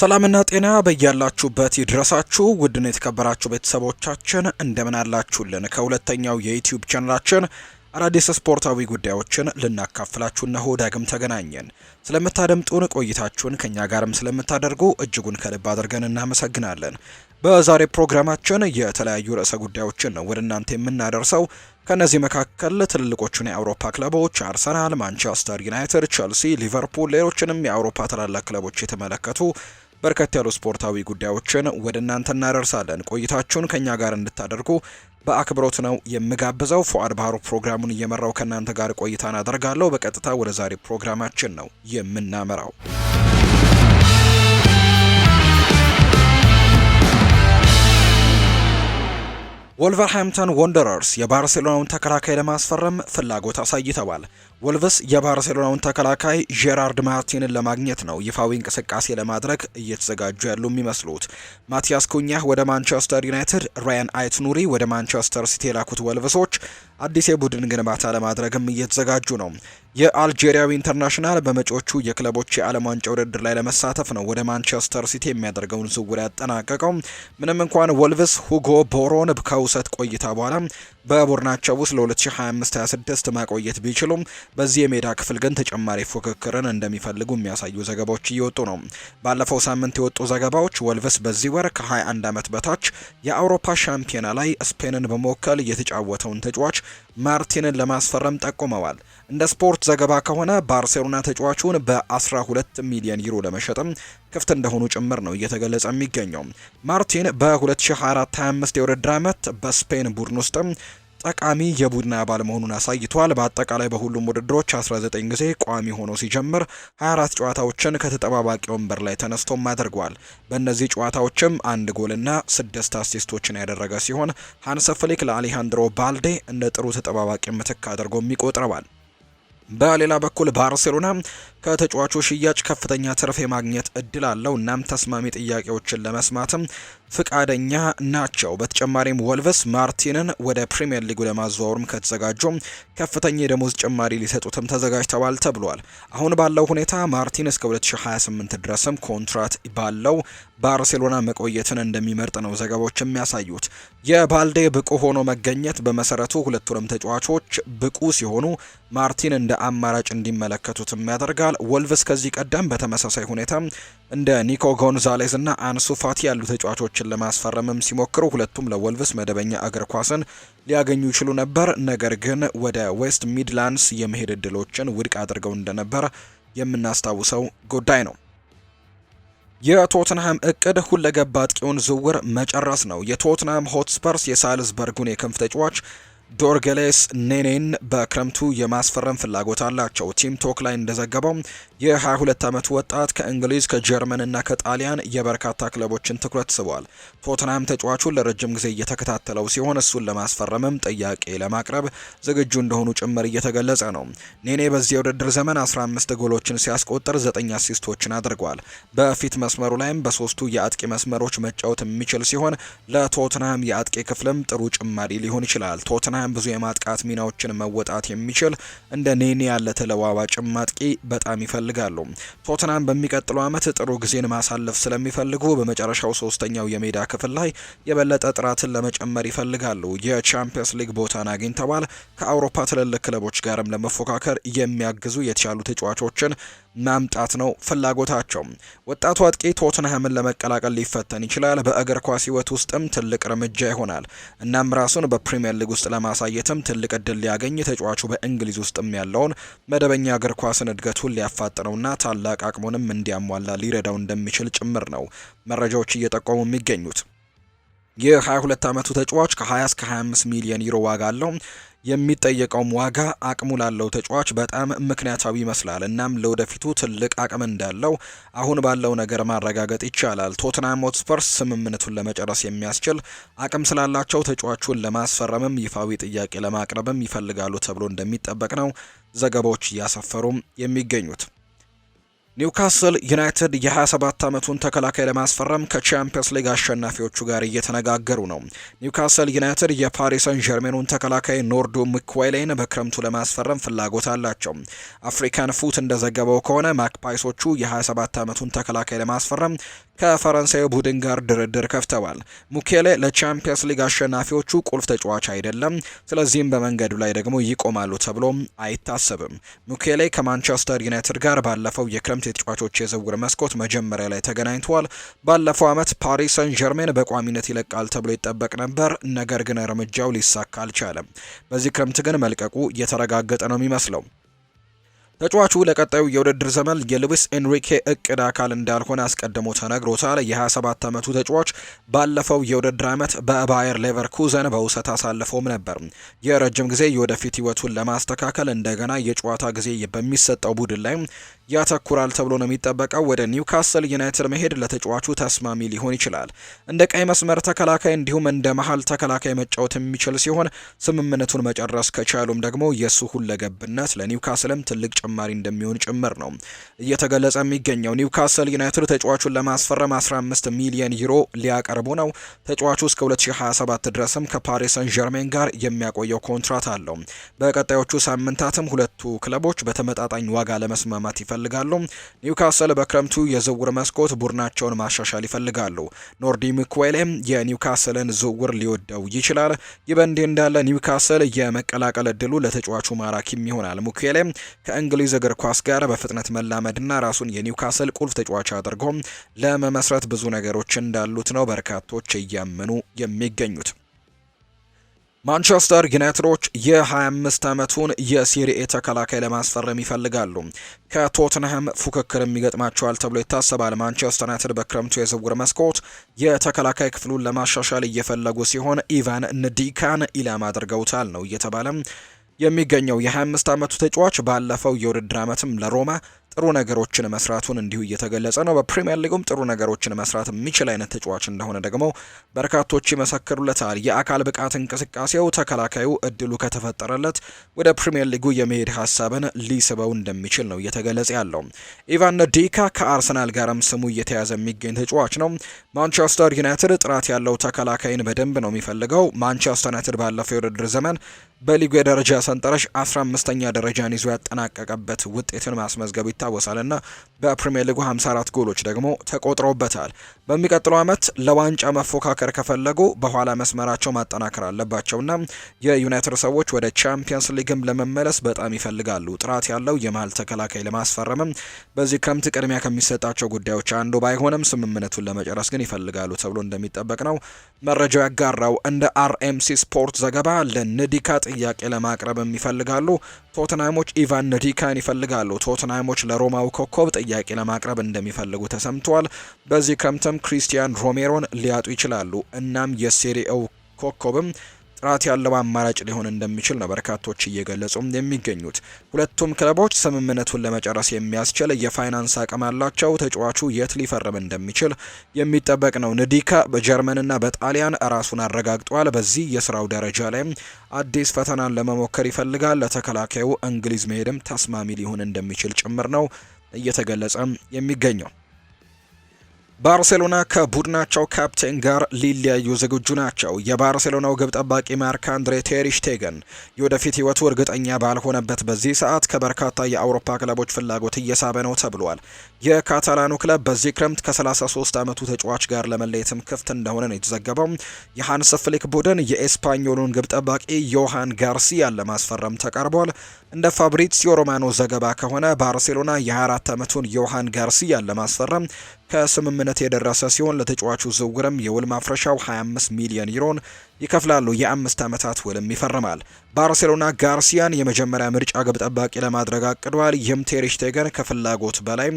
ሰላምና ጤና በያላችሁበት ይድረሳችሁ። ውድን የተከበራችሁ ቤተሰቦቻችን እንደምን አላችሁልን? ከሁለተኛው የዩትዩብ ቻናላችን አዳዲስ ስፖርታዊ ጉዳዮችን ልናካፍላችሁ እነሆ ዳግም ተገናኘን። ስለምታደምጡን ቆይታችሁን ከእኛ ጋርም ስለምታደርጉ እጅጉን ከልብ አድርገን እናመሰግናለን። በዛሬ ፕሮግራማችን የተለያዩ ርዕሰ ጉዳዮችን ነው ወደ እናንተ የምናደርሰው። ከእነዚህ መካከል ትልልቆቹን የአውሮፓ ክለቦች አርሰናል፣ ማንቸስተር ዩናይትድ፣ ቸልሲ፣ ሊቨርፑል፣ ሌሎችንም የአውሮፓ ታላላቅ ክለቦች የተመለከቱ በርከት ያሉ ስፖርታዊ ጉዳዮችን ወደ እናንተ እናደርሳለን። ቆይታችሁን ከእኛ ጋር እንድታደርጉ በአክብሮት ነው የምጋብዘው። ፉአድ ባህሩ ፕሮግራሙን እየመራው ከእናንተ ጋር ቆይታን አደርጋለሁ። በቀጥታ ወደ ዛሬ ፕሮግራማችን ነው የምናመራው። ወልቨርሃምፕተን ወንደረርስ የባርሴሎናውን ተከላካይ ለማስፈረም ፍላጎት አሳይተዋል። ወልቭስ የባርሴሎናውን ተከላካይ ጄራርድ ማርቲንን ለማግኘት ነው ይፋዊ እንቅስቃሴ ለማድረግ እየተዘጋጁ ያሉ የሚመስሉት። ማቲያስ ኩኛህ ወደ ማንቸስተር ዩናይትድ፣ ራያን አይትኑሪ ወደ ማንቸስተር ሲቲ የላኩት ወልቭሶች አዲስ የቡድን ግንባታ ለማድረግም እየተዘጋጁ ነው። የአልጄሪያዊ ኢንተርናሽናል በመጪዎቹ የክለቦች የዓለም ዋንጫ ውድድር ላይ ለመሳተፍ ነው ወደ ማንቸስተር ሲቲ የሚያደርገውን ዝውውር ያጠናቀቀው። ምንም እንኳን ወልቭስ ሁጎ ቦሮን ከውሰት ቆይታ በኋላ በቡድናቸው ውስጥ ለ2025/26 ማቆየት ቢችሉም በዚህ የሜዳ ክፍል ግን ተጨማሪ ፉክክርን እንደሚፈልጉ የሚያሳዩ ዘገባዎች እየወጡ ነው። ባለፈው ሳምንት የወጡ ዘገባዎች ወልቭስ በዚህ ወር ከ21 ዓመት በታች የአውሮፓ ሻምፒዮና ላይ ስፔንን በመወከል የተጫወተውን ተጫዋች ማርቲንን ለማስፈረም ጠቁመዋል። እንደ ስፖርት ዘገባ ከሆነ ባርሴሎና ተጫዋቹን በ12 ሚሊዮን ዩሮ ለመሸጥም ክፍት እንደሆኑ ጭምር ነው እየተገለጸ የሚገኘው። ማርቲን በ2024/25 የውድድር ዓመት በስፔን ቡድን ውስጥም ጠቃሚ የቡድን አባል መሆኑን አሳይቷል። በአጠቃላይ በሁሉም ውድድሮች 19 ጊዜ ቋሚ ሆኖ ሲጀምር 24 ጨዋታዎችን ከተጠባባቂ ወንበር ላይ ተነስቶም አድርጓል። በእነዚህ ጨዋታዎችም አንድ ጎልና ስድስት አሲስቶችን ያደረገ ሲሆን ሃንስ ፍሊክ ለአሌሃንድሮ ባልዴ እንደ ጥሩ ተጠባባቂ ምትክ አድርጎም ይቆጥረዋል። በሌላ በኩል ባርሴሎና ከተጫዋቹ ሽያጭ ከፍተኛ ትርፍ የማግኘት እድል አለው። እናም ተስማሚ ጥያቄዎችን ለመስማትም ፍቃደኛ ናቸው። በተጨማሪም ወልቨስ ማርቲንን ወደ ፕሪምየር ሊጉ ለማዘዋወርም ከተዘጋጁ ከፍተኛ የደሞዝ ጭማሪ ሊሰጡትም ተዘጋጅተዋል ተብሏል። አሁን ባለው ሁኔታ ማርቲን እስከ 2028 ድረስም ኮንትራት ባለው ባርሴሎና መቆየትን እንደሚመርጥ ነው ዘገባዎች የሚያሳዩት። የባልዴ ብቁ ሆኖ መገኘት በመሰረቱ ሁለቱንም ተጫዋቾች ብቁ ሲሆኑ ማርቲን እንደ አማራጭ እንዲመለከቱትም ያደርጋል። ይገኛል። ወልቭስ ከዚህ ቀደም በተመሳሳይ ሁኔታ እንደ ኒኮ ጎንዛሌዝ እና አንሱ ፋቲ ያሉ ተጫዋቾችን ለማስፈረምም ሲሞክሩ ሁለቱም ለወልቭስ መደበኛ እግር ኳስን ሊያገኙ ይችሉ ነበር። ነገር ግን ወደ ዌስት ሚድላንድስ የመሄድ እድሎችን ውድቅ አድርገው እንደነበር የምናስታውሰው ጉዳይ ነው። የቶትንሃም እቅድ ሁለገብ አጥቂውን ዝውውር መጨረስ ነው። የቶትንሃም ሆትስፐርስ የሳልዝበርጉን የክንፍ ተጫዋች ዶርጌሌስ ኔኔን በክረምቱ የማስፈረም ፍላጎት አላቸው። ቲም ቶክ ላይ እንደዘገበው የ22 ዓመቱ ወጣት ከእንግሊዝ እና ከጣሊያን የበርካታ ክለቦችን ትኩረት ስቧል። ቶትንሃም ተጫዋቹን ለረጅም ጊዜ እየተከታተለው ሲሆን እሱን ለማስፈረምም ጥያቄ ለማቅረብ ዝግጁ እንደሆኑ ጭምር እየተገለጸ ነው። ኔኔ በዚህ የውድድር ዘመን 15 ጎሎችን ሲያስቆጥር 9 አሲስቶችን አድርጓል። በፊት መስመሩ ላይም በሶስቱ የአጥቂ መስመሮች መጫወት የሚችል ሲሆን ለቶትንሃም የአጥቂ ክፍልም ጥሩ ጭማሪ ሊሆን ይችላል። ቶትንሃም ቶተንሃም ብዙ የማጥቃት ሚናዎችን መወጣት የሚችል እንደ ኔኒ ያለ ተለዋዋጭም ማጥቂ በጣም ይፈልጋሉ። ቶተንሃም በሚቀጥለው ዓመት ጥሩ ጊዜን ማሳለፍ ስለሚፈልጉ በመጨረሻው ሶስተኛው የሜዳ ክፍል ላይ የበለጠ ጥራትን ለመጨመር ይፈልጋሉ። የቻምፒየንስ ሊግ ቦታን አግኝተዋል። ከአውሮፓ ትልልቅ ክለቦች ጋርም ለመፎካከር የሚያግዙ የተሻሉ ተጫዋቾችን ማምጣት ነው ፍላጎታቸው። ወጣቱ አጥቂ ቶትንሃምን ለመቀላቀል ሊፈተን ይችላል። በእግር ኳስ ሕይወት ውስጥም ትልቅ እርምጃ ይሆናል። እናም ራሱን በፕሪምየር ሊግ ውስጥ ለማሳየትም ትልቅ እድል ሊያገኝ ተጫዋቹ በእንግሊዝ ውስጥም ያለውን መደበኛ እግር ኳስን እድገቱን ሊያፋጥነውና ታላቅ አቅሙንም እንዲያሟላ ሊረዳው እንደሚችል ጭምር ነው መረጃዎች እየጠቆሙ የሚገኙት። የ22 ዓመቱ ተጫዋች ከ20 እስከ 25 ሚሊዮን ዩሮ ዋጋ አለው። የሚጠየቀውም ዋጋ አቅሙ ላለው ተጫዋች በጣም ምክንያታዊ ይመስላል። እናም ለወደፊቱ ትልቅ አቅም እንዳለው አሁን ባለው ነገር ማረጋገጥ ይቻላል። ቶትናም ሆትስፐርስ ስምምነቱን ለመጨረስ የሚያስችል አቅም ስላላቸው ተጫዋቹን ለማስፈረምም ይፋዊ ጥያቄ ለማቅረብም ይፈልጋሉ ተብሎ እንደሚጠበቅ ነው ዘገባዎች እያሰፈሩም የሚገኙት። ኒውካስል ዩናይትድ የ27 ዓመቱን ተከላካይ ለማስፈረም ከቻምፒየንስ ሊግ አሸናፊዎቹ ጋር እየተነጋገሩ ነው። ኒውካስል ዩናይትድ የፓሪሰን ጀርሜኑን ተከላካይ ኖርዶ ምክዌሌን በክረምቱ ለማስፈረም ፍላጎት አላቸው። አፍሪካን ፉት እንደዘገበው ከሆነ ማክፓይሶቹ የ27 ዓመቱን ተከላካይ ለማስፈረም ከፈረንሳዩ ቡድን ጋር ድርድር ከፍተዋል። ሙኬሌ ለቻምፒየንስ ሊግ አሸናፊዎቹ ቁልፍ ተጫዋች አይደለም፣ ስለዚህም በመንገዱ ላይ ደግሞ ይቆማሉ ተብሎም አይታሰብም። ሙኬሌ ከማንቸስተር ዩናይትድ ጋር ባለፈው የክረምት የተጫዋቾች የዝውውር መስኮት መጀመሪያ ላይ ተገናኝተዋል። ባለፈው ዓመት ፓሪስ ሰን ጀርሜን በቋሚነት ይለቃል ተብሎ ይጠበቅ ነበር፣ ነገር ግን እርምጃው ሊሳካ አልቻለም። በዚህ ክረምት ግን መልቀቁ እየተረጋገጠ ነው የሚመስለው። ተጫዋቹ ለቀጣዩ የውድድር ዘመን የሉዊስ ኤንሪኬ እቅድ አካል እንዳልሆነ አስቀድሞ ተነግሮታል። የ27 ዓመቱ ተጫዋች ባለፈው የውድድር ዓመት በባየር ሌቨርኩዘን በውሰት አሳልፎም ነበር። የረጅም ጊዜ የወደፊት ህይወቱን ለማስተካከል እንደገና የጨዋታ ጊዜ በሚሰጠው ቡድን ላይ ያተኩራል ተብሎ ነው የሚጠበቀው። ወደ ኒውካስል ዩናይትድ መሄድ ለተጫዋቹ ተስማሚ ሊሆን ይችላል። እንደ ቀይ መስመር ተከላካይ እንዲሁም እንደ መሀል ተከላካይ መጫወት የሚችል ሲሆን ስምምነቱን መጨረስ ከቻሉም ደግሞ የእሱ ሁለገብነት ለኒውካስልም ትልቅ ጭማሪ እንደሚሆን ጭምር ነው እየተገለጸ የሚገኘው። ኒውካስል ዩናይትድ ተጫዋቹን ለማስፈረም 15 ሚሊዮን ዩሮ ሊያቀርቡ ነው። ተጫዋቹ እስከ 2027 ድረስም ከፓሪስ ሰን ዠርሜን ጋር የሚያቆየው ኮንትራት አለው። በቀጣዮቹ ሳምንታትም ሁለቱ ክለቦች በተመጣጣኝ ዋጋ ለመስማማት ይፈ ይፈልጋሉ። ኒውካስል በክረምቱ የዝውውር መስኮት ቡድናቸውን ማሻሻል ይፈልጋሉ። ኖርዲ ሚኩዌሌም የኒውካስልን ዝውውር ሊወደው ይችላል። ይህ በእንዲህ እንዳለ ኒውካስል የመቀላቀል እድሉ ለተጫዋቹ ማራኪም ይሆናል። ሙኩዌሌም ከእንግሊዝ እግር ኳስ ጋር በፍጥነት መላመድና ራሱን የኒውካስል ቁልፍ ተጫዋች አድርጎ ለመመስረት ብዙ ነገሮች እንዳሉት ነው በርካቶች እያመኑ የሚገኙት። ማንቸስተር ዩናይትዶች የ25 ዓመቱን የሲሪኤ ተከላካይ ለማስፈረም ይፈልጋሉ። ከቶትንሃም ፉክክር የሚገጥማቸዋል ተብሎ ይታሰባል። ማንቸስተር ዩናይትድ በክረምቱ የዝውውር መስኮት የተከላካይ ክፍሉን ለማሻሻል እየፈለጉ ሲሆን ኢቫን ንዲካን ኢላማ አድርገውታል ነው እየተባለም የሚገኘው የ25 ዓመቱ ተጫዋች ባለፈው የውድድር ዓመትም ለሮማ ጥሩ ነገሮችን መስራቱን እንዲሁ እየተገለጸ ነው። በፕሪሚየር ሊጉም ጥሩ ነገሮችን መስራት የሚችል አይነት ተጫዋች እንደሆነ ደግሞ በርካቶች ይመሰክሩለታል። የአካል ብቃት እንቅስቃሴው ተከላካዩ እድሉ ከተፈጠረለት ወደ ፕሪሚየር ሊጉ የመሄድ ሀሳብን ሊስበው እንደሚችል ነው እየተገለጸ ያለው። ኢቫን ዲካ ከአርሰናል ጋርም ስሙ እየተያዘ የሚገኝ ተጫዋች ነው። ማንቸስተር ዩናይትድ ጥራት ያለው ተከላካይን በደንብ ነው የሚፈልገው። ማንቸስተር ዩናይትድ ባለፈው የውድድር ዘመን በሊጉ የደረጃ ሰንጠረዥ 15ኛ ደረጃን ይዞ ያጠናቀቀበት ውጤትን ማስመዝገቡ ይታወሳልና በፕሪምየር ሊጉ 54 ጎሎች ደግሞ ተቆጥሮበታል። በሚቀጥለው ዓመት ለዋንጫ መፎካከር ከፈለጉ በኋላ መስመራቸው ማጠናከር አለባቸውና የዩናይትድ ሰዎች ወደ ቻምፒየንስ ሊግም ለመመለስ በጣም ይፈልጋሉ። ጥራት ያለው የመሀል ተከላካይ ለማስፈረምም በዚህ ክረምት ቅድሚያ ከሚሰጣቸው ጉዳዮች አንዱ ባይሆንም ስምምነቱን ለመጨረስ ግን ይፈልጋሉ ተብሎ እንደሚጠበቅ ነው መረጃው ያጋራው። እንደ አርኤምሲ ስፖርት ዘገባ ለንዲካ ጥያቄ ለማቅረብም ይፈልጋሉ። ቶትናሞች ኢቫን ዲካን ይፈልጋሉ። ቶትናሞች ለሮማው ኮከብ ጥያቄ ለማቅረብ እንደሚፈልጉ ተሰምተዋል። በዚህ ክረምትም ክሪስቲያን ሮሜሮን ሊያጡ ይችላሉ። እናም የሴሪኤው ኮከብም ጥራት ያለው አማራጭ ሊሆን እንደሚችል ነው በርካቶች እየገለጹም የሚገኙት። ሁለቱም ክለቦች ስምምነቱን ለመጨረስ የሚያስችል የፋይናንስ አቅም አላቸው። ተጫዋቹ የት ሊፈርም እንደሚችል የሚጠበቅ ነው። ንዲካ በጀርመንና በጣሊያን ራሱን አረጋግጧል። በዚህ የስራው ደረጃ ላይ አዲስ ፈተናን ለመሞከር ይፈልጋል። ለተከላካዩ እንግሊዝ መሄድም ተስማሚ ሊሆን እንደሚችል ጭምር ነው እየተገለጸ የሚገኘው። ባርሴሎና ከቡድናቸው ካፕቴን ጋር ሊለያዩ ዝግጁ ናቸው። የባርሴሎናው ግብ ጠባቂ ማርክ አንድሬ ቴሪሽቴገን የወደፊት ህይወቱ እርግጠኛ ባልሆነበት በዚህ ሰዓት ከበርካታ የአውሮፓ ክለቦች ፍላጎት እየሳበ ነው ተብሏል። የካታላኑ ክለብ በዚህ ክረምት ከ33 ዓመቱ ተጫዋች ጋር ለመለየትም ክፍት እንደሆነ ነው የተዘገበው። የሃንስ ፍሊክ ቡድን የኤስፓኞሉን ግብ ጠባቂ ዮሃን ጋርሲያን ለማስፈረም ተቃርቧል። እንደ ፋብሪዚዮ ሮማኖ ዘገባ ከሆነ ባርሴሎና የ24 ዓመቱን ዮሃን ጋርሲያን ለማስፈረም ከስምምነት የደረሰ ሲሆን ለተጫዋቹ ዝውውርም የውል ማፍረሻው 25 ሚሊዮን ዩሮን ይከፍላሉ። የአምስት ዓመታት ውልም ይፈርማል። ባርሴሎና ጋርሲያን የመጀመሪያ ምርጫ ግብ ጠባቂ ለማድረግ አቅዷል። ይህም ከፍላጎት በላይ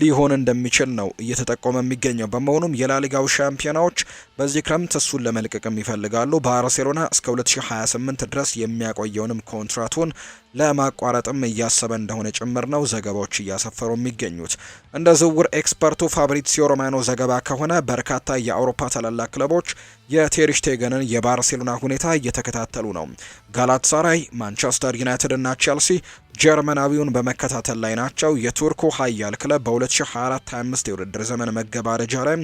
ሊሆን እንደሚችል ነው እየተጠቆመ የሚገኘው። በመሆኑም የላሊጋው ሻምፒዮናዎች በዚህ ክረምት እሱን ለመልቀቅም ይፈልጋሉ። ባርሴሎና እስከ 2028 ድረስ የሚያቆየውንም ኮንትራቱን ለማቋረጥም እያሰበ እንደሆነ ጭምር ነው ዘገባዎች እያሰፈሩ የሚገኙት። እንደ ዝውውር ኤክስፐርቱ ፋብሪሲዮ ሮማኖ ዘገባ ከሆነ በርካታ የአውሮፓ ታላላቅ ክለቦች የቴሪሽቴገንን የባርሴሎና ሁኔታ እየተከታተሉ ነው። ጋላትሳራይ፣ ማንቸስተር ዩናይትድ እና ቼልሲ ጀርመናዊውን በመከታተል ላይ ናቸው። የቱርኩ ሀያል ክለብ በ2024/25 የውድድር ዘመን መገባደጃ ላይ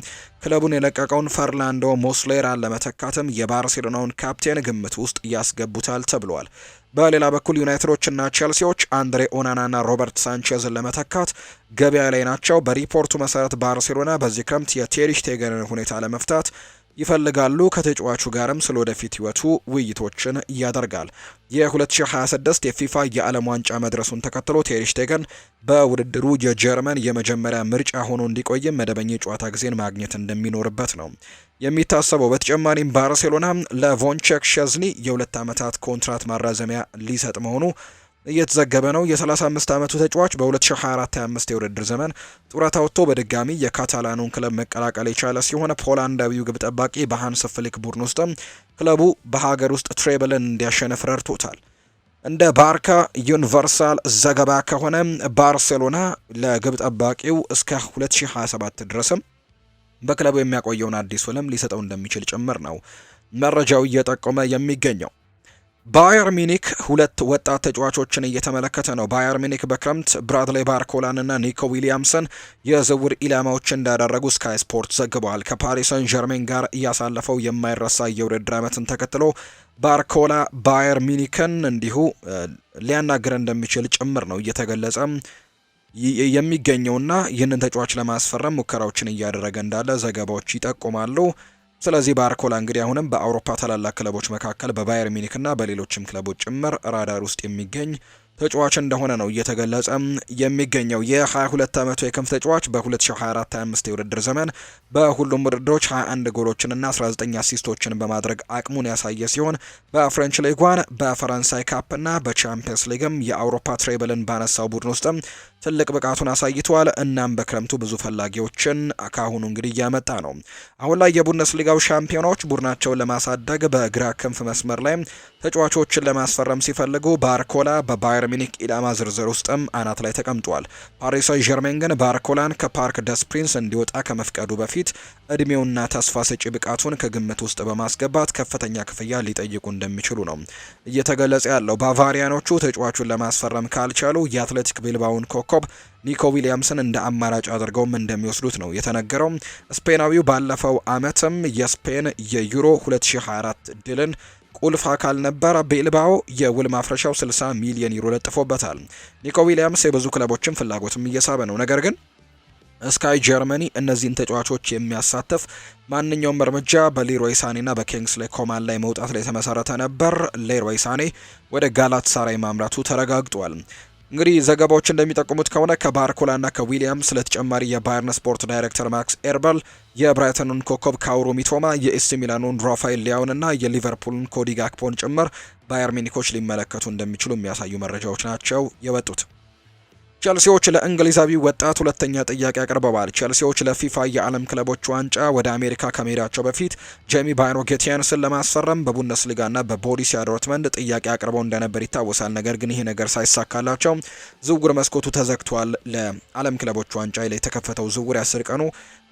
ክለቡን የለቀቀውን ፈርናንዶ ሞስሌራን ለመተካትም የባርሴሎናውን ካፕቴን ግምት ውስጥ ያስገቡታል ተብሏል። በሌላ በኩል ዩናይትዶችና ቼልሲዎች አንድሬ ኦናናና ሮበርት ሳንቼዝን ለመተካት ገበያ ላይ ናቸው። በሪፖርቱ መሰረት ባርሴሎና በዚህ ክረምት የቴሪሽቴገንን ሁኔታ ለመፍታት ይፈልጋሉ። ከተጫዋቹ ጋርም ስለ ወደፊት ህይወቱ ውይይቶችን ያደርጋል። የ2026 የፊፋ የዓለም ዋንጫ መድረሱን ተከትሎ ቴሪሽቴገን በውድድሩ የጀርመን የመጀመሪያ ምርጫ ሆኖ እንዲቆይም መደበኛ የጨዋታ ጊዜን ማግኘት እንደሚኖርበት ነው የሚታሰበው በተጨማሪም ባርሴሎና ለቮንቼክ ሸዝኒ የሁለት ዓመታት ኮንትራት ማራዘሚያ ሊሰጥ መሆኑ እየተዘገበ ነው። የ35 ዓመቱ ተጫዋች በ2024/25 የውድድር ዘመን ጡረታ ወጥቶ በድጋሚ የካታላኑን ክለብ መቀላቀል የቻለ ሲሆን ፖላንዳዊው ግብ ጠባቂ በሃንስ ፍሊክ ቡድን ውስጥም ክለቡ በሀገር ውስጥ ትሬብልን እንዲያሸንፍ ረድቶታል። እንደ ባርካ ዩኒቨርሳል ዘገባ ከሆነ ባርሴሎና ለግብ ጠባቂው እስከ 2027 ድረስም በክለቡ የሚያቆየውን አዲስ ውልም ሊሰጠው እንደሚችል ጭምር ነው መረጃው እየጠቆመ የሚገኘው። ባየር ሚኒክ ሁለት ወጣት ተጫዋቾችን እየተመለከተ ነው። ባየር ሚኒክ በክረምት ብራድሌ ባርኮላንና ኒኮ ዊሊያምሰን የዝውውር ኢላማዎች እንዳደረጉ ስካይ ስፖርት ዘግበዋል። ከፓሪሰን ጀርሜን ጋር እያሳለፈው የማይረሳ የውድድር ዓመትን ተከትሎ ባርኮላ ባየር ሚኒክን እንዲሁ ሊያናግር እንደሚችል ጭምር ነው እየተገለጸ የሚገኘውና ይህንን ተጫዋች ለማስፈረም ሙከራዎችን እያደረገ እንዳለ ዘገባዎች ይጠቁማሉ። ስለዚህ ባርኮላ እንግዲህ አሁንም በአውሮፓ ታላላቅ ክለቦች መካከል በባየር ሚኒክና በሌሎችም ክለቦች ጭምር ራዳር ውስጥ የሚገኝ ተጫዋች እንደሆነ ነው እየተገለጸ የሚገኘው። የ22 ዓመቱ የክንፍ ተጫዋች በ2024/25 የውድድር ዘመን በሁሉም ውድድሮች 21 ጎሎችንና 19 አሲስቶችን በማድረግ አቅሙን ያሳየ ሲሆን በፍሬንች ሊጓን፣ በፈረንሳይ ካፕና በቻምፒየንስ ሊግም የአውሮፓ ትሬብልን ባነሳው ቡድን ውስጥም ትልቅ ብቃቱን አሳይቷል እናም በክረምቱ ብዙ ፈላጊዎችን ካሁኑ እንግዲህ እያመጣ ነው። አሁን ላይ የቡንደስሊጋው ሻምፒዮናዎች ቡድናቸውን ለማሳደግ በግራ ክንፍ መስመር ላይ ተጫዋቾችን ለማስፈረም ሲፈልጉ ባርኮላ በባየር ሚኒክ ኢላማ ዝርዝር ውስጥም አናት ላይ ተቀምጧል። ፓሪስ ጀርሜን ግን ባርኮላን ከፓርክ ደስ ፕሪንስ እንዲወጣ ከመፍቀዱ በፊት እድሜውና ተስፋ ሰጪ ብቃቱን ከግምት ውስጥ በማስገባት ከፍተኛ ክፍያ ሊጠይቁ እንደሚችሉ ነው እየተገለጸ ያለው። ባቫሪያኖቹ ተጫዋቹን ለማስፈረም ካልቻሉ የአትሌቲክ ቢልባውን ኮ ኮከብ ኒኮ ዊሊያምስን እንደ አማራጭ አድርገውም እንደሚወስዱት ነው የተነገረው። ስፔናዊው ባለፈው አመትም የስፔን የዩሮ 2024 ድልን ቁልፍ አካል ነበር። ቤልባኦ የውል ማፍረሻው 60 ሚሊዮን ዩሮ ለጥፎበታል። ኒኮ ዊሊያምስ የብዙ ክለቦችን ፍላጎትም እየሳበ ነው። ነገር ግን ስካይ ጀርመኒ እነዚህን ተጫዋቾች የሚያሳትፍ ማንኛውም እርምጃ በሌሮይ ሳኔና በኪንግስሌ ኮማን ላይ መውጣት ላይ የተመሰረተ ነበር። ሌሮይ ሳኔ ወደ ጋላት ሳራይ ማምራቱ ተረጋግጧል። እንግዲህ ዘገባዎች እንደሚጠቁሙት ከሆነ ከባርኮላና ከዊሊያም ለተጨማሪ የባየርን ስፖርት ዳይሬክተር ማክስ ኤርበል የብራይተኑን ኮከብ ካውሩ ሚቶማ የኤሲ ሚላኑን ራፋኤል ሊያውንና የሊቨርፑልን ኮዲ ጋክፖን ጭምር ባየር ሚኒኮች ሊመለከቱ እንደሚችሉ የሚያሳዩ መረጃዎች ናቸው የወጡት። ቸልሲዎች ለእንግሊዛዊ ወጣት ሁለተኛ ጥያቄ አቅርበዋል። ቸልሲዎች ለፊፋ የዓለም ክለቦች ዋንጫ ወደ አሜሪካ ከመሄዳቸው በፊት ጄሚ ባይሮ ጌቲያንስን ለማስፈረም በቡንደስሊጋና በቦሪሲያ ዶርትመንድ ጥያቄ አቅርበው እንደነበር ይታወሳል። ነገር ግን ይህ ነገር ሳይሳካላቸው ዝውውር መስኮቱ ተዘግቷል። ለዓለም ክለቦች ዋንጫ ላይ የተከፈተው ዝውውር ያስር ቀኑ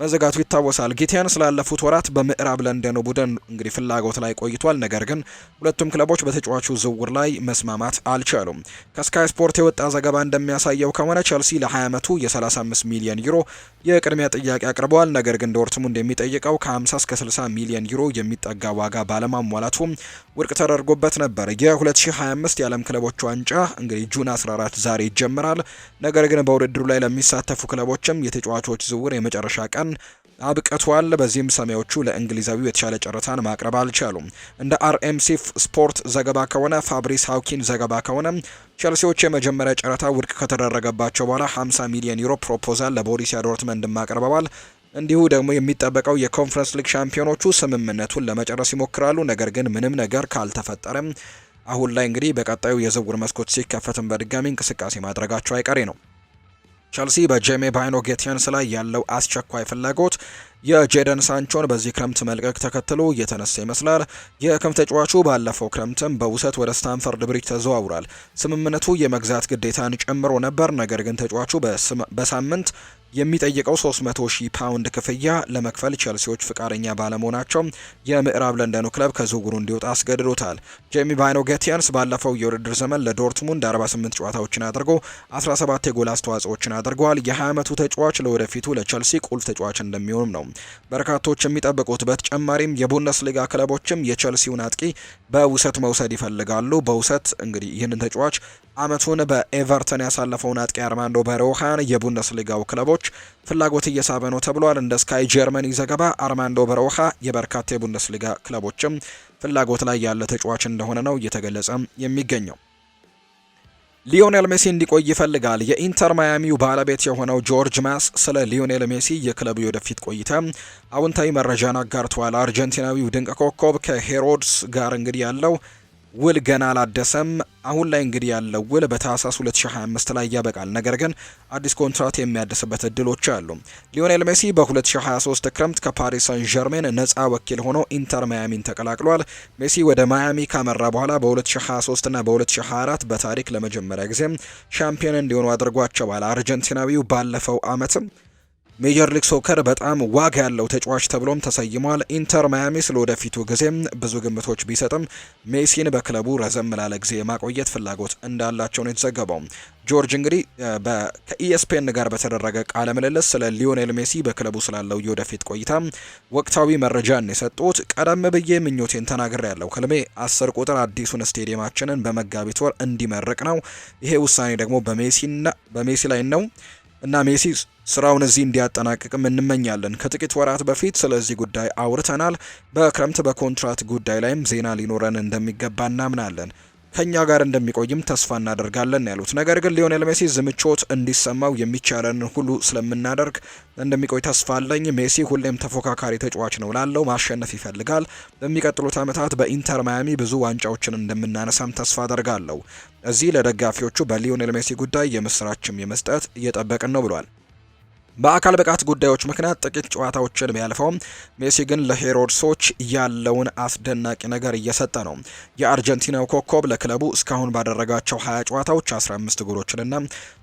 መዘጋቱ ይታወሳል። ጊቲያን ስላለፉት ወራት በምዕራብ ለንደኑ ቡድን እንግዲህ ፍላጎት ላይ ቆይቷል። ነገር ግን ሁለቱም ክለቦች በተጫዋቹ ዝውውር ላይ መስማማት አልቻሉም። ከስካይ ስፖርት የወጣ ዘገባ እንደሚያሳየው ከሆነ ቸልሲ ለ20 ዓመቱ የ35 ሚሊዮን ዩሮ የቅድሚያ ጥያቄ አቅርበዋል። ነገር ግን ዶርትሙንድ የሚጠይቀው ከ50 እስከ 60 ሚሊዮን ዩሮ የሚጠጋ ዋጋ ባለማሟላቱ። ውድቅ ተደርጎበት ነበር። የ2025 የዓለም ክለቦች ዋንጫ እንግዲህ ጁን 14 ዛሬ ይጀምራል። ነገር ግን በውድድሩ ላይ ለሚሳተፉ ክለቦችም የተጫዋቾች ዝውውር የመጨረሻ ቀን አብቅቷል። በዚህም ሰማያዊዎቹ ለእንግሊዛዊው የተሻለ ጨረታን ማቅረብ አልቻሉም። እንደ አርኤምሲ ስፖርት ዘገባ ከሆነ ፋብሪስ ሀውኪን ዘገባ ከሆነ ቸልሲዎች የመጀመሪያ ጨረታ ውድቅ ከተደረገባቸው በኋላ 50 ሚሊዮን ዩሮ ፕሮፖዛል ለቦሪሲያ ዶርትመንድ አቅርበዋል። እንዲሁ ደግሞ የሚጠበቀው የኮንፈረንስ ሊግ ሻምፒዮኖቹ ስምምነቱን ለመጨረስ ይሞክራሉ። ነገር ግን ምንም ነገር ካልተፈጠረም አሁን ላይ እንግዲህ በቀጣዩ የዝውውር መስኮት ሲከፈትም በድጋሚ እንቅስቃሴ ማድረጋቸው አይቀሬ ነው። ቸልሲ በጄሜ ባይኖ ጌቲያንስ ላይ ያለው አስቸኳይ ፍላጎት የጄደን ሳንቾን በዚህ ክረምት መልቀቅ ተከትሎ እየተነሳ ይመስላል። የክንፍ ተጫዋቹ ባለፈው ክረምትም በውሰት ወደ ስታንፈርድ ብሪጅ ተዘዋውሯል። ስምምነቱ የመግዛት ግዴታን ጨምሮ ነበር። ነገር ግን ተጫዋቹ በሳምንት የሚጠይቀው 300 ሺህ ፓውንድ ክፍያ ለመክፈል ቸልሲዎች ፍቃደኛ ባለመሆናቸው የምዕራብ ለንደኑ ክለብ ከዝውውሩ እንዲወጣ አስገድዶታል። ጄሚ ባይኖ ጌቲያንስ ባለፈው የውድድር ዘመን ለዶርትሙንድ 48 ጨዋታዎችን አድርጎ 17 የጎል አስተዋጽኦችን አድርገዋል የ የ20 ዓመቱ ተጫዋች ለወደፊቱ ለቸልሲ ቁልፍ ተጫዋች እንደሚሆኑም ነው በርካቶች የሚጠብቁት። በተጨማሪም የቡንደስሊጋ ክለቦችም የቸልሲውን አጥቂ በውሰት መውሰድ ይፈልጋሉ። በውሰት እንግዲህ ይህንን ተጫዋች አመቱን በኤቨርተን ያሳለፈውን አጥቂ አርማንዶ በረውሃን የቡንደስሊጋው ክለቦች ፍላጎት እየሳበ ነው ተብሏል። እንደ ስካይ ጀርመኒ ዘገባ አርማንዶ በረውሃ የበርካታ የቡንደስሊጋ ክለቦችም ፍላጎት ላይ ያለ ተጫዋች እንደሆነ ነው እየተገለጸ የሚገኘው። ሊዮኔል ሜሲ እንዲቆይ ይፈልጋል። የኢንተር ማያሚው ባለቤት የሆነው ጆርጅ ማስ ስለ ሊዮኔል ሜሲ የክለቡ የወደፊት ቆይታ አዎንታዊ መረጃን አጋርተዋል። አርጀንቲናዊው ድንቅ ኮከብ ከሄሮድስ ጋር እንግዲህ ያለው ውል ገና አላደሰም። አሁን ላይ እንግዲህ ያለው ውል በታህሳስ 2025 ላይ ያበቃል። ነገር ግን አዲስ ኮንትራት የሚያድስበት እድሎች አሉ። ሊዮኔል ሜሲ በ2023 ክረምት ከፓሪስ ሳን ዠርሜን ነፃ ወኪል ሆኖ ኢንተር ማያሚን ተቀላቅሏል። ሜሲ ወደ ማያሚ ካመራ በኋላ በ2023 እና በ2024 በታሪክ ለመጀመሪያ ጊዜ ሻምፒዮን እንዲሆኑ አድርጓቸዋል። አርጀንቲናዊው ባለፈው አመትም ሜጀር ሊግ ሶከር በጣም ዋጋ ያለው ተጫዋች ተብሎም ተሰይሟል። ኢንተር ማያሚ ስለወደፊቱ ጊዜ ብዙ ግምቶች ቢሰጥም ሜሲን በክለቡ ረዘም ላለ ጊዜ የማቆየት ፍላጎት እንዳላቸው ነው የተዘገበው። ጆርጅ እንግዲህ ከኢኤስፔን ጋር በተደረገ ቃለ ምልልስ ስለ ሊዮኔል ሜሲ በክለቡ ስላለው የወደፊት ቆይታ ወቅታዊ መረጃን የሰጡት። ቀደም ብዬ ምኞቴን ተናግሬ ያለው ክልሜ አስር ቁጥር አዲሱን ስቴዲየማችንን በመጋቢት ወር እንዲመርቅ ነው። ይሄ ውሳኔ ደግሞ በሜሲ ላይ ነው እና ሜሲ ስራውን እዚህ እንዲያጠናቅቅም እንመኛለን። ከጥቂት ወራት በፊት ስለዚህ ጉዳይ አውርተናል። በክረምት በኮንትራት ጉዳይ ላይም ዜና ሊኖረን እንደሚገባ እናምናለን። ከኛ ጋር እንደሚቆይም ተስፋ እናደርጋለን ያሉት፣ ነገር ግን ሊዮኔል ሜሲ ዝምቾት እንዲሰማው የሚቻለንን ሁሉ ስለምናደርግ እንደሚቆይ ተስፋ አለኝ። ሜሲ ሁሌም ተፎካካሪ ተጫዋች ነው ላለው ማሸነፍ ይፈልጋል። በሚቀጥሉት ዓመታት በኢንተር ማያሚ ብዙ ዋንጫዎችን እንደምናነሳም ተስፋ አደርጋለሁ። እዚህ ለደጋፊዎቹ በሊዮኔል ሜሲ ጉዳይ የምስራችም የመስጠት እየጠበቅን ነው ብሏል። በአካል ብቃት ጉዳዮች ምክንያት ጥቂት ጨዋታዎችን ቢያልፈውም ሜሲ ግን ለሄሮድሶች ያለውን አስደናቂ ነገር እየሰጠ ነው። የአርጀንቲናው ኮከብ ለክለቡ እስካሁን ባደረጋቸው 20 ጨዋታዎች 15 ጎሎችንና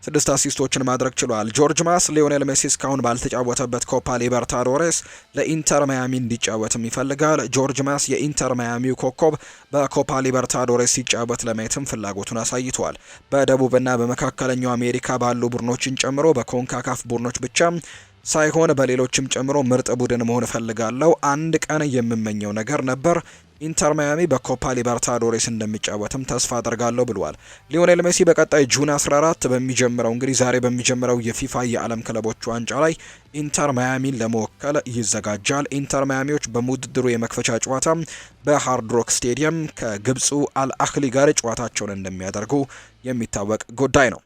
6 አሲስቶችን ማድረግ ችሏል። ጆርጅ ማስ ሊዮኔል ሜሲ እስካሁን ባልተጫወተበት ኮፓ ሊበርታዶሬስ ለኢንተር ማያሚ እንዲጫወትም ይፈልጋል። ጆርጅ ማስ የኢንተር ማያሚው ኮከብ በኮፓ ሊበርታዶሬስ ሲጫወት ለማየትም ፍላጎቱን አሳይቷል። በደቡብና በመካከለኛው አሜሪካ ባሉ ቡድኖችን ጨምሮ በኮንካካፍ ቡድኖች ብቻ ሳይሆን በሌሎችም ጨምሮ ምርጥ ቡድን መሆን እፈልጋለሁ። አንድ ቀን የምመኘው ነገር ነበር። ኢንተር ማያሚ በኮፓ ሊበርታዶሬስ እንደሚጫወትም ተስፋ አደርጋለሁ ብሏል። ሊዮኔል ሜሲ በቀጣይ ጁን 14 በሚጀምረው እንግዲህ ዛሬ በሚጀምረው የፊፋ የዓለም ክለቦች ዋንጫ ላይ ኢንተር ማያሚን ለመወከል ይዘጋጃል። ኢንተር ማያሚዎች በውድድሩ የመክፈቻ ጨዋታ በሃርድ ሮክ ስቴዲየም ከግብፁ አልአህሊ ጋር ጨዋታቸውን እንደሚያደርጉ የሚታወቅ ጉዳይ ነው።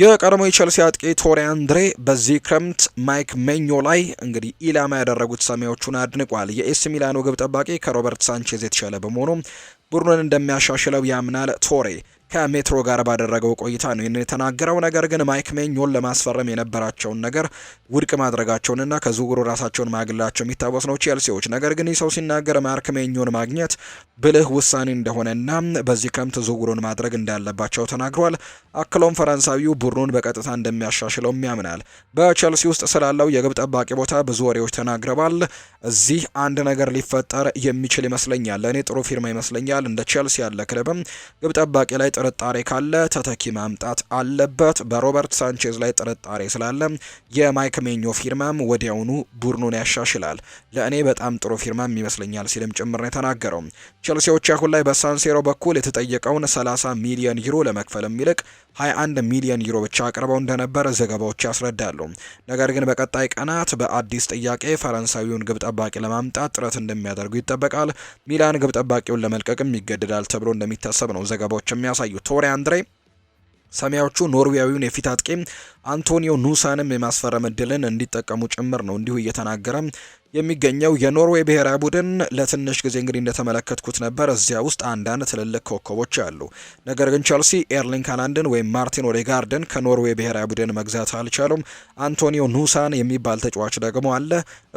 የቀድሞ የቸልሲ አጥቂ ቶሪ አንድሬ በዚህ ክረምት ማይክ ሜኞ ላይ እንግዲህ ኢላማ ያደረጉት ሰማያዊዎቹን አድንቋል። የኤስ ሚላኑ ግብ ጠባቂ ከሮበርት ሳንቼዝ የተሻለ በመሆኑ ቡድኑን እንደሚያሻሽለው ያምናል ቶሬ ከሜትሮ ጋር ባደረገው ቆይታ ነው ይህንን የተናገረው። ነገር ግን ማይክ ሜኞን ለማስፈረም የነበራቸውን ነገር ውድቅ ማድረጋቸውንና ከዝውውሩ ራሳቸውን ማግለላቸው የሚታወስ ነው ቼልሲዎች። ነገር ግን ይህ ሰው ሲናገር ማርክ ሜኞን ማግኘት ብልህ ውሳኔ እንደሆነና በዚህ ክረምት ዝውውሩን ማድረግ እንዳለባቸው ተናግሯል። አክሎም ፈረንሳዊው ቡድኑን በቀጥታ እንደሚያሻሽለውም ያምናል። በቼልሲ ውስጥ ስላለው የግብ ጠባቂ ቦታ ብዙ ወሬዎች ተናግረዋል። እዚህ አንድ ነገር ሊፈጠር የሚችል ይመስለኛል። ለእኔ ጥሩ ፊርማ ይመስለኛል። እንደ ቼልሲ ያለ ክለብም ግብ ጠባቂ ላይ ጥርጣሬ ካለ ተተኪ ማምጣት አለበት። በሮበርት ሳንቼዝ ላይ ጥርጣሬ ስላለ የማይክ ሜኞ ፊርማም ወዲያውኑ ቡድኑን ያሻሽላል። ለእኔ በጣም ጥሩ ፊርማም ይመስለኛል ሲልም ጭምር ነው የተናገረው። ቼልሲዎች አሁን ላይ በሳንሴሮ በኩል የተጠየቀውን 30 ሚሊዮን ዩሮ ለመክፈል የሚልቅ 21 ሚሊዮን ዩሮ ብቻ አቅርበው እንደነበረ ዘገባዎች ያስረዳሉ። ነገር ግን በቀጣይ ቀናት በአዲስ ጥያቄ ፈረንሳዊውን ግብ ጠባቂ ለማምጣት ጥረት እንደሚያደርጉ ይጠበቃል። ሚላን ግብ ጠባቂውን ለመልቀቅም ይገደዳል ተብሎ እንደሚታሰብ ነው ዘገባዎች የሚያሳ ያሳዩ ቶሬ አንድሬ ሰሚያዎቹ ኖርዌያዊውን የፊት አጥቂ አንቶኒዮ ኑሳንም የማስፈረም እድልን እንዲጠቀሙ ጭምር ነው እንዲሁ እየተናገረ የሚገኘው የኖርዌይ ብሔራዊ ቡድን ለትንሽ ጊዜ እንግዲህ እንደተመለከትኩት ነበር። እዚያ ውስጥ አንዳንድ ትልልቅ ኮከቦች አሉ። ነገር ግን ቸልሲ ኤርሊንግ ሃላንድን ወይም ማርቲን ኦዴጋርድን ከኖርዌይ ብሔራዊ ቡድን መግዛት አልቻሉም። አንቶኒዮ ኑሳን የሚባል ተጫዋች ደግሞ አለ።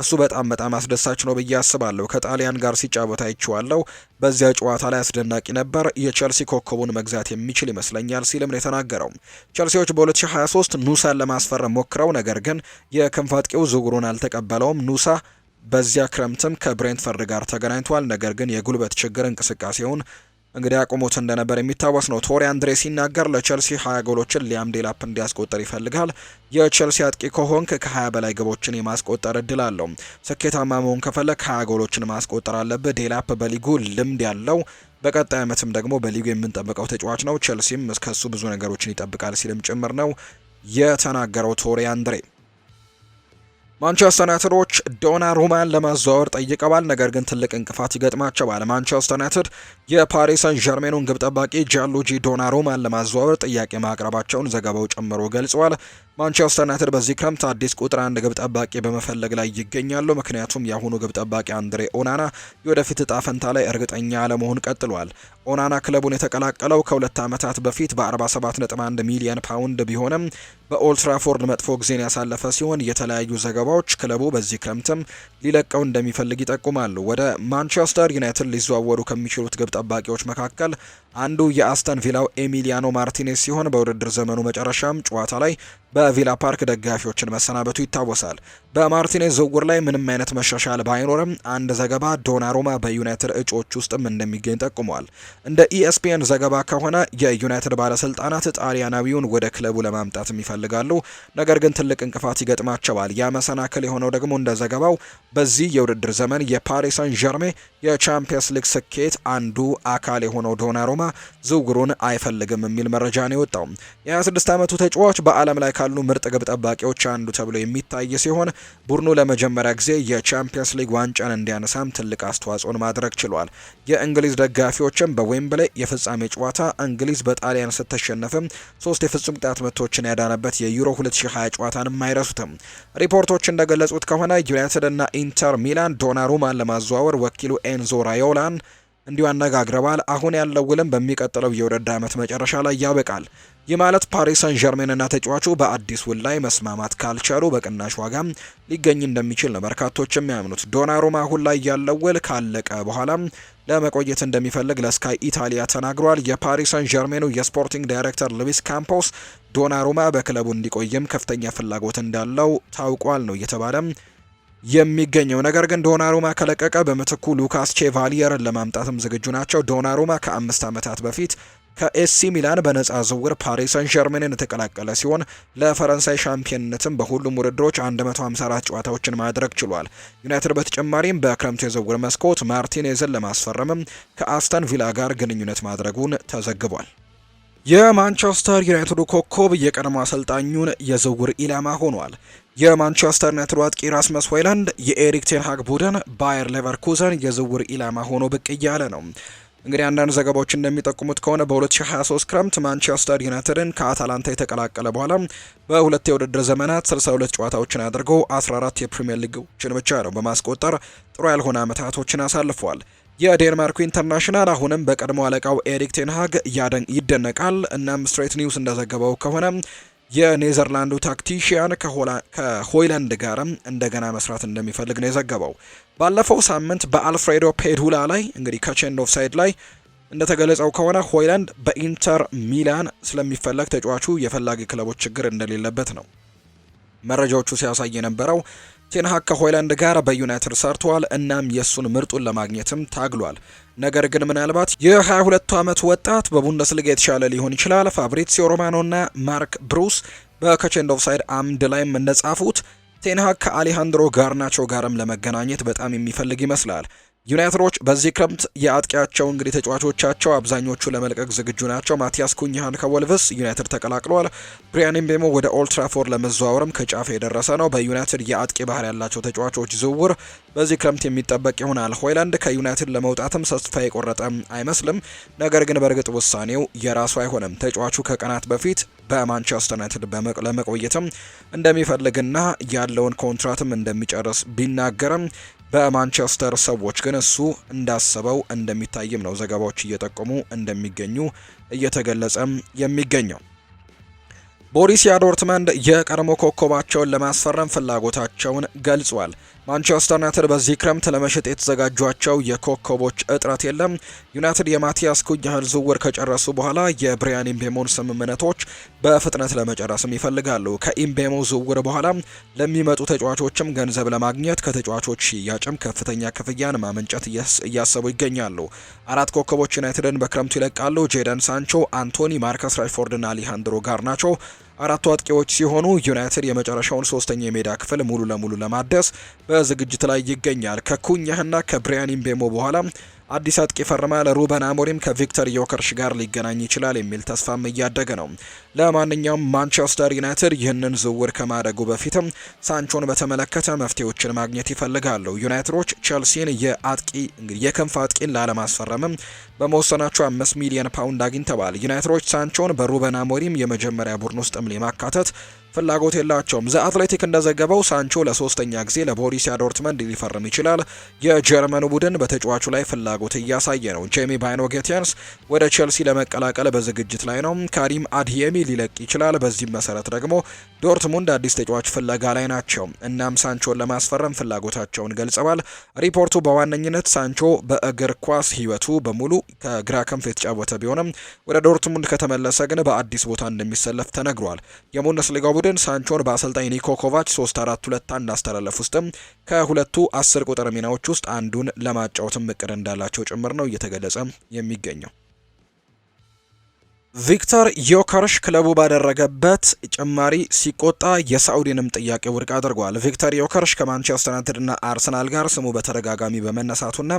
እሱ በጣም በጣም አስደሳች ነው ብዬ አስባለሁ። ከጣሊያን ጋር ሲጫወት አይቼዋለሁ። በዚያ ጨዋታ ላይ አስደናቂ ነበር። የቸልሲ ኮከቡን መግዛት የሚችል ይመስለኛል ሲልም ነው የተናገረው። ቸልሲዎች በ2023 ኑሳን ለማስፈረም ሞክረው ነገር ግን የክንፍ አጥቂው ዝውውሩን አልተቀበለውም። ኑሳ በዚያ ክረምትም ከብሬንትፈርድ ጋር ተገናኝቷል። ነገር ግን የጉልበት ችግር እንቅስቃሴውን እንግዲህ አቁሞት እንደነበር የሚታወስ ነው። ቶሪ አንድሬ ሲናገር ለቸልሲ ሀያ ጎሎችን ሊያም ዴላፕ እንዲያስቆጠር ይፈልጋል። የቸልሲ አጥቂ ከሆንክ ከሀያ በላይ ግቦችን የማስቆጠር እድል አለው። ስኬታማ መሆን ከፈለግ ሀያ ጎሎችን ማስቆጠር አለብህ። ዴላፕ በሊጉ ልምድ ያለው በቀጣይ ዓመትም ደግሞ በሊጉ የምንጠብቀው ተጫዋች ነው። ቸልሲም እስከሱ ብዙ ነገሮችን ይጠብቃል ሲልም ጭምር ነው የተናገረው ቶሪ አንድሬ። ማንቸስተር ዩናይትዶች ሩማን ለማዘዋወር ጠይቀዋል። ነገር ግን ትልቅ እንቅፋት ይገጥማቸዋል። ማንቸስተር ዩናይትድ የፓሪስ ሰን ዠርሜኑን ግብ ጠባቂ ጃንሉጂ ሩማን ለማዘዋወር ጥያቄ ማቅረባቸውን ዘገባው ጨምሮ ገልጿል። ማንቸስተር ዩናይትድ በዚህ ክረምት አዲስ ቁጥር አንድ ግብ ጠባቂ በመፈለግ ላይ ይገኛሉ። ምክንያቱም የአሁኑ ግብ ጠባቂ አንድሬ ኦናና የወደፊት እጣ ፈንታ ላይ እርግጠኛ አለመሆን ቀጥሏል። ኦናና ክለቡን የተቀላቀለው ከሁለት ዓመታት በፊት በ47.1 ሚሊዮን ፓውንድ ቢሆንም በኦልትራፎርድ መጥፎ ጊዜን ያሳለፈ ሲሆን የተለያዩ ዘገባዎች ክለቡ በዚህ ክረምትም ሊለቀው እንደሚፈልግ ይጠቁማሉ። ወደ ማንቸስተር ዩናይትድ ሊዘዋወሩ ከሚችሉት ግብ ጠባቂዎች መካከል አንዱ የአስተን ቪላው ኤሚሊያኖ ማርቲኔስ ሲሆን በውድድር ዘመኑ መጨረሻም ጨዋታ ላይ በቪላ ፓርክ ደጋፊዎችን መሰናበቱ ይታወሳል። በማርቲኔዝ ዝውውር ላይ ምንም አይነት መሻሻል ባይኖርም አንድ ዘገባ ዶናሩማ በዩናይትድ እጩዎች ውስጥም እንደሚገኝ ጠቁሟል። እንደ ኢኤስፒኤን e ዘገባ ከሆነ የዩናይትድ ባለስልጣናት ጣሊያናዊውን ወደ ክለቡ ለማምጣትም ይፈልጋሉ። ነገር ግን ትልቅ እንቅፋት ይገጥማቸዋል። ያ መሰናክል የሆነው ደግሞ እንደ ዘገባው በዚህ የውድድር ዘመን የፓሪስ ሳን ዠርሜ የቻምፒየንስ ሊግ ስኬት አንዱ አካል የሆነው ዶናሩማ ዝውውሩን አይፈልግም የሚል መረጃ ነው የወጣው። የ26 ዓመቱ ተጫዋች በዓለም ላይ ካሉ ምርጥ ግብ ጠባቂዎች አንዱ ተብሎ የሚታይ ሲሆን ቡድኑ ለመጀመሪያ ጊዜ የቻምፒየንስ ሊግ ዋንጫን እንዲያነሳም ትልቅ አስተዋጽኦን ማድረግ ችሏል። የእንግሊዝ ደጋፊዎችም በዌምብላይ የፍጻሜ ጨዋታ እንግሊዝ በጣሊያን ስትሸነፍም ሶስት የፍጹም ቅጣት ምቶችን ያዳነበት የዩሮ 2020 ጨዋታንም አይረሱትም። ሪፖርቶች እንደገለጹት ከሆነ ዩናይትድ እና ኢንተር ሚላን ዶናሩማን ለማዘዋወር ወኪሉ ኤንዞ ራዮላን እንዲሁ አነጋግረዋል። አሁን ያለው ውልም በሚቀጥለው የውድድር ዓመት መጨረሻ ላይ ያበቃል። ይህ ማለት ፓሪስ ሰን ዠርሜንና ተጫዋቹ በአዲስ ውል ላይ መስማማት ካልቻሉ በቅናሽ ዋጋ ሊገኝ እንደሚችል ነው በርካቶች የሚያምኑት። ዶናሩማ አሁን ላይ ያለው ውል ካለቀ በኋላ ለመቆየት እንደሚፈልግ ለስካይ ኢታሊያ ተናግሯል። የፓሪስ ሰን ዠርሜኑ የስፖርቲንግ ዳይሬክተር ሉዊስ ካምፖስ ዶናሩማ በክለቡ እንዲቆይም ከፍተኛ ፍላጎት እንዳለው ታውቋል ነው እየተባለም የሚገኘው። ነገር ግን ዶናሩማ ከለቀቀ በምትኩ ሉካስ ቼቫሊየርን ለማምጣትም ዝግጁ ናቸው። ዶናሩማ ከአምስት ዓመታት በፊት ከኤሲ ሚላን በነፃ ዝውውር ፓሪስ ሰን ዠርሜንን የተቀላቀለ ሲሆን ለፈረንሳይ ሻምፒየንነትም በሁሉም ውድድሮች 154 ጨዋታዎችን ማድረግ ችሏል። ዩናይትድ በተጨማሪም በክረምቱ የዝውውር መስኮት ማርቲኔዝን ለማስፈረምም ከአስተን ቪላ ጋር ግንኙነት ማድረጉን ተዘግቧል። የማንቸስተር ዩናይትዱ ኮከብ የቀድሞ አሰልጣኙን የዝውውር ኢላማ ሆኗል። የማንቸስተር ዩናይትድ አጥቂ ራስመስ ሆይላንድ የኤሪክ ቴንሃግ ቡድን ባየር ሌቨርኩዘን የዝውውር ኢላማ ሆኖ ብቅ እያለ ነው። እንግዲህ አንዳንድ ዘገባዎች እንደሚጠቁሙት ከሆነ በ2023 ክረምት ማንቸስተር ዩናይትድን ከአታላንታ የተቀላቀለ በኋላ በሁለት የውድድር ዘመናት 62 ጨዋታዎችን አድርገው 14 የፕሪምየር ሊጎችን ብቻ ነው በማስቆጠር ጥሩ ያልሆነ ዓመታቶችን አሳልፏል። የዴንማርኩ ኢንተርናሽናል አሁንም በቀድሞ አለቃው ኤሪክ ቴንሃግ ይደነቃል። እናም ስትሬት ኒውስ እንደዘገበው ከሆነ የኔዘርላንዱ ታክቲሽያን ከሆይላንድ ጋርም እንደገና መስራት እንደሚፈልግ ነው የዘገበው። ባለፈው ሳምንት በአልፍሬዶ ፔዱላ ላይ እንግዲህ ከቼንድ ኦፍ ሳይድ ላይ እንደተገለጸው ከሆነ ሆይላንድ በኢንተር ሚላን ስለሚፈለግ ተጫዋቹ የፈላጊ ክለቦች ችግር እንደሌለበት ነው መረጃዎቹ ሲያሳይ የነበረው ቴንሃግ ከሆይላንድ ጋር በዩናይትድ ሰርተዋል። እናም የእሱን ምርጡን ለማግኘትም ታግሏል። ነገር ግን ምናልባት የ22 ዓመት ወጣት በቡንደስሊጋ የተሻለ ሊሆን ይችላል። ሮማኖ ሮማኖና ማርክ ብሩስ በከቼንድ ኦፍሳይድ አምድ ላይም እንደጻፉት ቴንሃግ ከአሌሃንድሮ ጋርናቾ ጋርም ለመገናኘት በጣም የሚፈልግ ይመስላል። ዩናይትዶች በዚህ ክረምት የአጥቂያቸው እንግዲህ ተጫዋቾቻቸው አብዛኞቹ ለመልቀቅ ዝግጁ ናቸው። ማቲያስ ኩኝሃን ከወልቭስ ዩናይትድ ተቀላቅሏል። ብሪያን ምቤሞ ወደ ኦልትራፎርድ ለመዘዋወርም ከጫፍ የደረሰ ነው። በዩናይትድ የአጥቂ ባህር ያላቸው ተጫዋቾች ዝውውር በዚህ ክረምት የሚጠበቅ ይሆናል። ሆይላንድ ከዩናይትድ ለመውጣትም ተስፋ የቆረጠ አይመስልም። ነገር ግን በእርግጥ ውሳኔው የራሱ አይሆንም። ተጫዋቹ ከቀናት በፊት በማንቸስተር ዩናይትድ ለመቆየትም እንደሚፈልግና ያለውን ኮንትራትም እንደሚጨርስ ቢናገርም በማንቸስተር ሰዎች ግን እሱ እንዳሰበው እንደሚታይም ነው ዘገባዎች እየጠቆሙ እንደሚገኙ እየተገለጸም የሚገኘው። ቦሪሲያ ዶርትመንድ የቀድሞ ኮከባቸውን ለማስፈረም ፍላጎታቸውን ገልጿል። ማንቸስተር ዩናይትድ በዚህ ክረምት ለመሸጥ የተዘጋጇቸው የኮከቦች እጥረት የለም። ዩናይትድ የማቲያስ ኩኛህን ዝውውር ከጨረሱ በኋላ የብሪያን ኢምቤሞን ስምምነቶች በፍጥነት ለመጨረስም ይፈልጋሉ። ከኢምቤሞ ዝውውር በኋላ ለሚመጡ ተጫዋቾችም ገንዘብ ለማግኘት ከተጫዋቾች ሽያጭም ከፍተኛ ክፍያን ማመንጨት እያሰቡ ይገኛሉ። አራት ኮከቦች ዩናይትድን በክረምቱ ይለቃሉ። ጄደን ሳንቾ፣ አንቶኒ፣ ማርከስ ና አሊሃንድሮ ጋር ናቸው አራቱ አጥቂዎች ሲሆኑ ዩናይትድ የመጨረሻውን ሶስተኛ የሜዳ ክፍል ሙሉ ለሙሉ ለማደስ በዝግጅት ላይ ይገኛል። ከኩኛህና ከብሪያን ኢምቤሞ በኋላ አዲስ አጥቂ ፈርማል። ሩበን አሞሪም ከቪክተር ዮከርሽ ጋር ሊገናኝ ይችላል የሚል ተስፋም እያደገ ነው። ለማንኛውም ማንቸስተር ዩናይትድ ይህንን ዝውውር ከማደጉ በፊትም ሳንቾን በተመለከተ መፍትሄዎችን ማግኘት ይፈልጋሉ። ዩናይትዶች ቸልሲን የአጥቂ የክንፍ አጥቂን ላለማስፈረምም በመወሰናቸው አምስት ሚሊዮን ፓውንድ አግኝተዋል። ዩናይትዶች ሳንቾን በሩበን አሞሪም የመጀመሪያ ቡድን ውስጥም ለማካተት ፍላጎት የላቸውም። ዘ አትሌቲክ እንደዘገበው ሳንቾ ለሶስተኛ ጊዜ ለቦሪሲያ ዶርትመንድ ሊፈርም ይችላል። የጀርመኑ ቡድን በተጫዋቹ ላይ ፍላጎት እያሳየ ነው። ጄሚ ባይኖ ጌቲያንስ ወደ ቼልሲ ለመቀላቀል በዝግጅት ላይ ነው። ካሪም አድየሚ ሊለቅ ይችላል። በዚህም መሰረት ደግሞ ዶርትሙንድ አዲስ ተጫዋች ፍለጋ ላይ ናቸው። እናም ሳንቾን ለማስፈረም ፍላጎታቸውን ገልጸዋል። ሪፖርቱ በዋነኝነት ሳንቾ በእግር ኳስ ሕይወቱ በሙሉ ከግራ ክንፍ የተጫወተ ቢሆንም ወደ ዶርትሙንድ ከተመለሰ ግን በአዲስ ቦታ እንደሚሰለፍ ተነግሯል። የቡንደስሊጋው ቡድን ቡድን ሳንቾን በአሰልጣኝ ኒኮ ኮቫች 3 4 2 1 አስተላለፍ ውስጥም ከሁለቱ አስር ቁጥር ሚናዎች ውስጥ አንዱን ለማጫወትም እቅድ እንዳላቸው ጭምር ነው እየተገለጸ የሚገኘው። ቪክተር ዮከርሽ ክለቡ ባደረገበት ጭማሪ ሲቆጣ የሳዑዲንም ጥያቄ ውድቅ አድርጓል። ቪክተር ዮከርሽ ከማንቸስተር ዩናይትድና አርሰናል ጋር ስሙ በተደጋጋሚ በመነሳቱና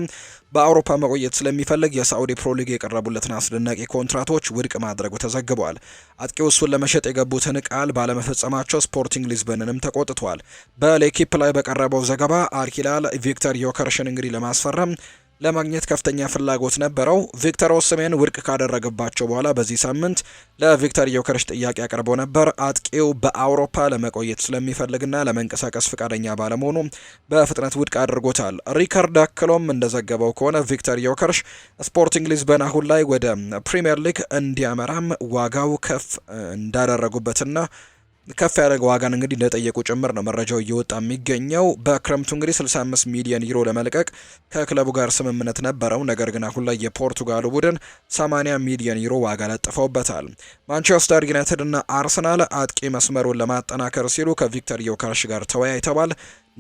በአውሮፓ መቆየት ስለሚፈልግ የሳዑዲ ፕሮሊግ የቀረቡለትን አስደናቂ ኮንትራቶች ውድቅ ማድረጉ ተዘግቧል። አጥቂው እሱን ለመሸጥ የገቡትን ቃል ባለመፈጸማቸው ስፖርቲንግ ሊዝበንንም ተቆጥቷል። በሌኪፕ ላይ በቀረበው ዘገባ አልሂላል ቪክተር ዮከርሽን እንግዲህ ለማስፈረም ለማግኘት ከፍተኛ ፍላጎት ነበረው። ቪክተር ኦስሜን ውድቅ ካደረገባቸው በኋላ በዚህ ሳምንት ለቪክተር ዮከርሽ ጥያቄ አቅርቦ ነበር። አጥቂው በአውሮፓ ለመቆየት ስለሚፈልግና ለመንቀሳቀስ ፈቃደኛ ባለመሆኑ በፍጥነት ውድቅ አድርጎታል። ሪከርድ አክሎም እንደዘገበው ከሆነ ቪክተር ዮከርሽ ስፖርቲንግ ሊዝበን አሁን ላይ ወደ ፕሪምየር ሊግ እንዲያመራም ዋጋው ከፍ እንዳደረጉበትና ከፍ ያለ ዋጋን እንግዲህ እንደጠየቁ ጭምር ነው መረጃው እየወጣ የሚገኘው። በክረምቱ እንግዲህ 65 ሚሊዮን ዩሮ ለመልቀቅ ከክለቡ ጋር ስምምነት ነበረው። ነገር ግን አሁን ላይ የፖርቱጋሉ ቡድን 80 ሚሊዮን ዩሮ ዋጋ ለጥፈውበታል። ማንቸስተር ዩናይትድ እና አርሰናል አጥቂ መስመሩን ለማጠናከር ሲሉ ከቪክተር ዮካርሽ ጋር ተወያይተዋል።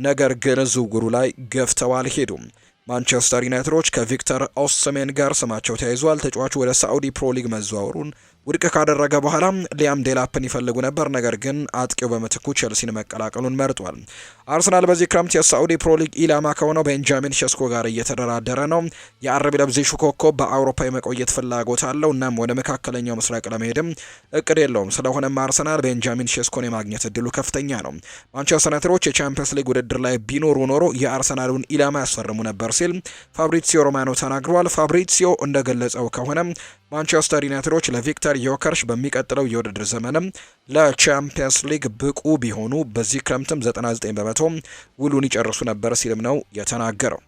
ነገር ግን ዝውውሩ ላይ ገፍተው አልሄዱም። ማንቸስተር ዩናይትዶች ከቪክተር ኦስሜን ጋር ስማቸው ተያይዟል። ተጫዋቹ ወደ ሳዑዲ ፕሮ ሊግ መዘዋወሩን ውድቅ ካደረገ በኋላ ሊያም ዴላፕን ይፈልጉ ነበር፣ ነገር ግን አጥቂው በምትኩ ቼልሲን መቀላቀሉን መርጧል። አርሰናል በዚህ ክረምት የሳዑዲ ፕሮሊግ ኢላማ ከሆነው ቤንጃሚን ሸስኮ ጋር እየተደራደረ ነው። የአረብ ለብዜሹ ኮከብ በአውሮፓ የመቆየት ፍላጎት አለው፣ እናም ወደ መካከለኛው ምስራቅ ለመሄድም እቅድ የለውም። ስለሆነም አርሰናል ቤንጃሚን ሸስኮን የማግኘት እድሉ ከፍተኛ ነው። ማንቸስተር ዩናይትዶች የቻምፒየንስ ሊግ ውድድር ላይ ቢኖሩ ኖሮ የአርሰናሉን ኢላማ ያስፈርሙ ነበር ሲል ፋብሪሲዮ ሮማኖ ተናግሯል። ፋብሪሲዮ እንደገለጸው ከሆነ ማንቸስተር ዩናይትዶች ለቪክተር ዮከርሽ በሚቀጥለው የውድድር ዘመንም ለቻምፒየንስ ሊግ ብቁ ቢሆኑ በዚህ ክረምትም 99 በመቶ ውሉን ይጨርሱ ነበር ሲልም ነው የተናገረው።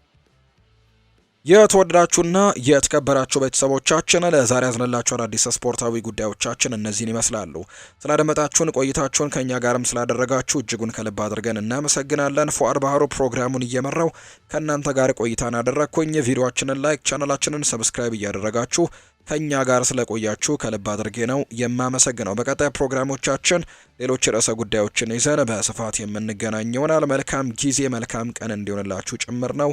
የተወደዳችሁና የተከበራችሁ ቤተሰቦቻችን ለዛሬ ያዝነላችሁ አዳዲስ ስፖርታዊ ጉዳዮቻችን እነዚህን ይመስላሉ። ስላደመጣችሁን ቆይታችሁን ከእኛ ጋርም ስላደረጋችሁ እጅጉን ከልብ አድርገን እናመሰግናለን። ፉአድ ባህሩ ፕሮግራሙን እየመራው ከእናንተ ጋር ቆይታን አደረግኩኝ። ቪዲዮችንን ላይክ፣ ቻናላችንን ሰብስክራይብ እያደረጋችሁ ከኛ ጋር ስለቆያችሁ ከልብ አድርጌ ነው የማመሰግነው። በቀጣይ ፕሮግራሞቻችን ሌሎች ርዕሰ ጉዳዮችን ይዘን በስፋት የምንገናኝ ይሆናል። መልካም ጊዜ፣ መልካም ቀን እንዲሆንላችሁ ጭምር ነው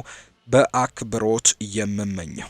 በአክብሮት የምመኘው